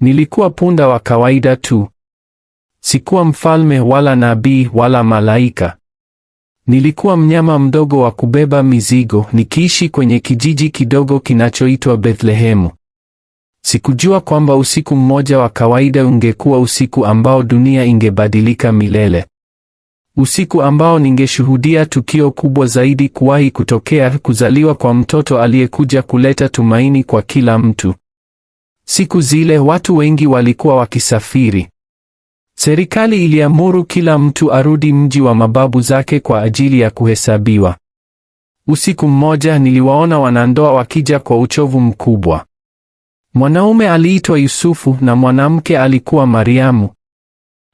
Nilikuwa punda wa kawaida tu. Sikuwa mfalme wala nabii wala malaika. Nilikuwa mnyama mdogo wa kubeba mizigo nikiishi kwenye kijiji kidogo kinachoitwa Bethlehemu. Sikujua kwamba usiku mmoja wa kawaida ungekuwa usiku ambao dunia ingebadilika milele. Usiku ambao ningeshuhudia tukio kubwa zaidi kuwahi kutokea, kuzaliwa kwa mtoto aliyekuja kuleta tumaini kwa kila mtu. Siku zile watu wengi walikuwa wakisafiri. Serikali iliamuru kila mtu arudi mji wa mababu zake kwa ajili ya kuhesabiwa. Usiku mmoja niliwaona wanandoa wakija kwa uchovu mkubwa. Mwanaume aliitwa Yusufu na mwanamke alikuwa Mariamu.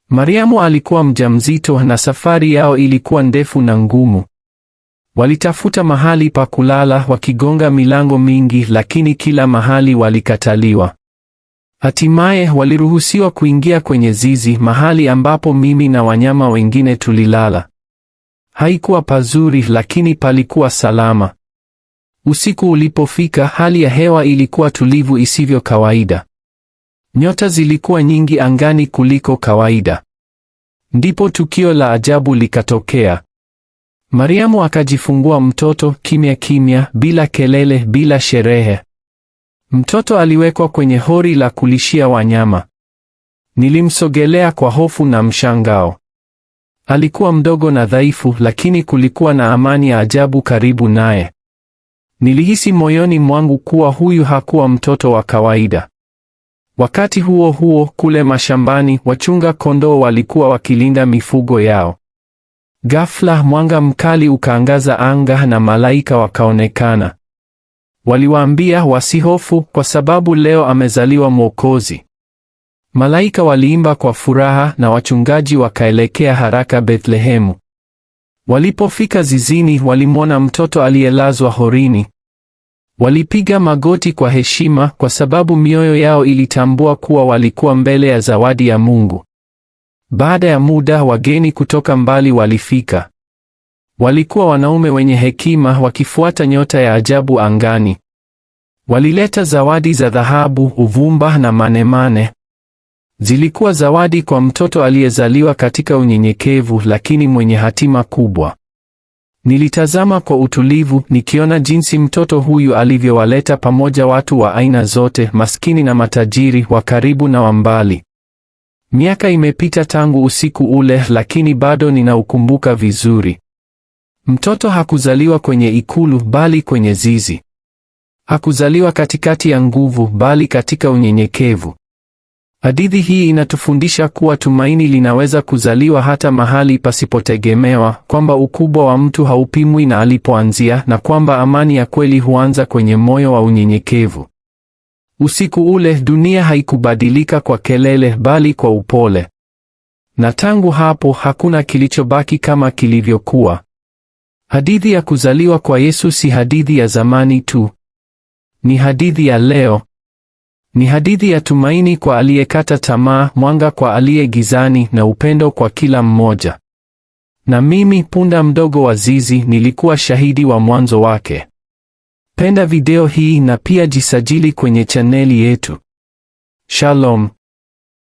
Mariamu alikuwa mjamzito na safari yao ilikuwa ndefu na ngumu. Walitafuta mahali pa kulala wakigonga milango mingi, lakini kila mahali walikataliwa. Hatimaye waliruhusiwa kuingia kwenye zizi, mahali ambapo mimi na wanyama wengine tulilala. Haikuwa pazuri, lakini palikuwa salama. Usiku ulipofika, hali ya hewa ilikuwa tulivu isivyo kawaida. Nyota zilikuwa nyingi angani kuliko kawaida. Ndipo tukio la ajabu likatokea. Mariamu akajifungua mtoto kimya kimya, bila kelele, bila sherehe. Mtoto aliwekwa kwenye hori la kulishia wanyama. Nilimsogelea kwa hofu na mshangao. Alikuwa mdogo na dhaifu, lakini kulikuwa na amani ya ajabu karibu naye. Nilihisi moyoni mwangu kuwa huyu hakuwa mtoto wa kawaida. Wakati huo huo, kule mashambani, wachunga kondoo walikuwa wakilinda mifugo yao. Ghafla, mwanga mkali ukaangaza anga na malaika wakaonekana. Waliwaambia wasihofu kwa sababu leo amezaliwa Mwokozi. Malaika waliimba kwa furaha na wachungaji wakaelekea haraka Bethlehemu. Walipofika zizini, walimwona mtoto aliyelazwa horini. Walipiga magoti kwa heshima kwa sababu mioyo yao ilitambua kuwa walikuwa mbele ya zawadi ya Mungu. Baada ya muda, wageni kutoka mbali walifika. Walikuwa wanaume wenye hekima wakifuata nyota ya ajabu angani. Walileta zawadi za dhahabu, uvumba na manemane. Zilikuwa zawadi kwa mtoto aliyezaliwa katika unyenyekevu lakini mwenye hatima kubwa. Nilitazama kwa utulivu nikiona jinsi mtoto huyu alivyowaleta pamoja watu wa aina zote, maskini na matajiri, wa karibu na wa mbali. Miaka imepita tangu usiku ule, lakini bado ninaukumbuka vizuri. Mtoto hakuzaliwa kwenye ikulu bali kwenye zizi. Hakuzaliwa katikati ya nguvu bali katika unyenyekevu. Hadithi hii inatufundisha kuwa tumaini linaweza kuzaliwa hata mahali pasipotegemewa, kwamba ukubwa wa mtu haupimwi na alipoanzia, na kwamba amani ya kweli huanza kwenye moyo wa unyenyekevu. Usiku ule dunia haikubadilika kwa kelele, bali kwa upole, na tangu hapo hakuna kilichobaki kama kilivyokuwa. Hadithi ya kuzaliwa kwa Yesu si hadithi ya zamani tu. Ni hadithi ya leo. Ni hadithi ya tumaini kwa aliyekata tamaa, mwanga kwa aliye gizani na upendo kwa kila mmoja. Na mimi punda mdogo wa Zizi nilikuwa shahidi wa mwanzo wake. Penda video hii na pia jisajili kwenye chaneli yetu. Shalom.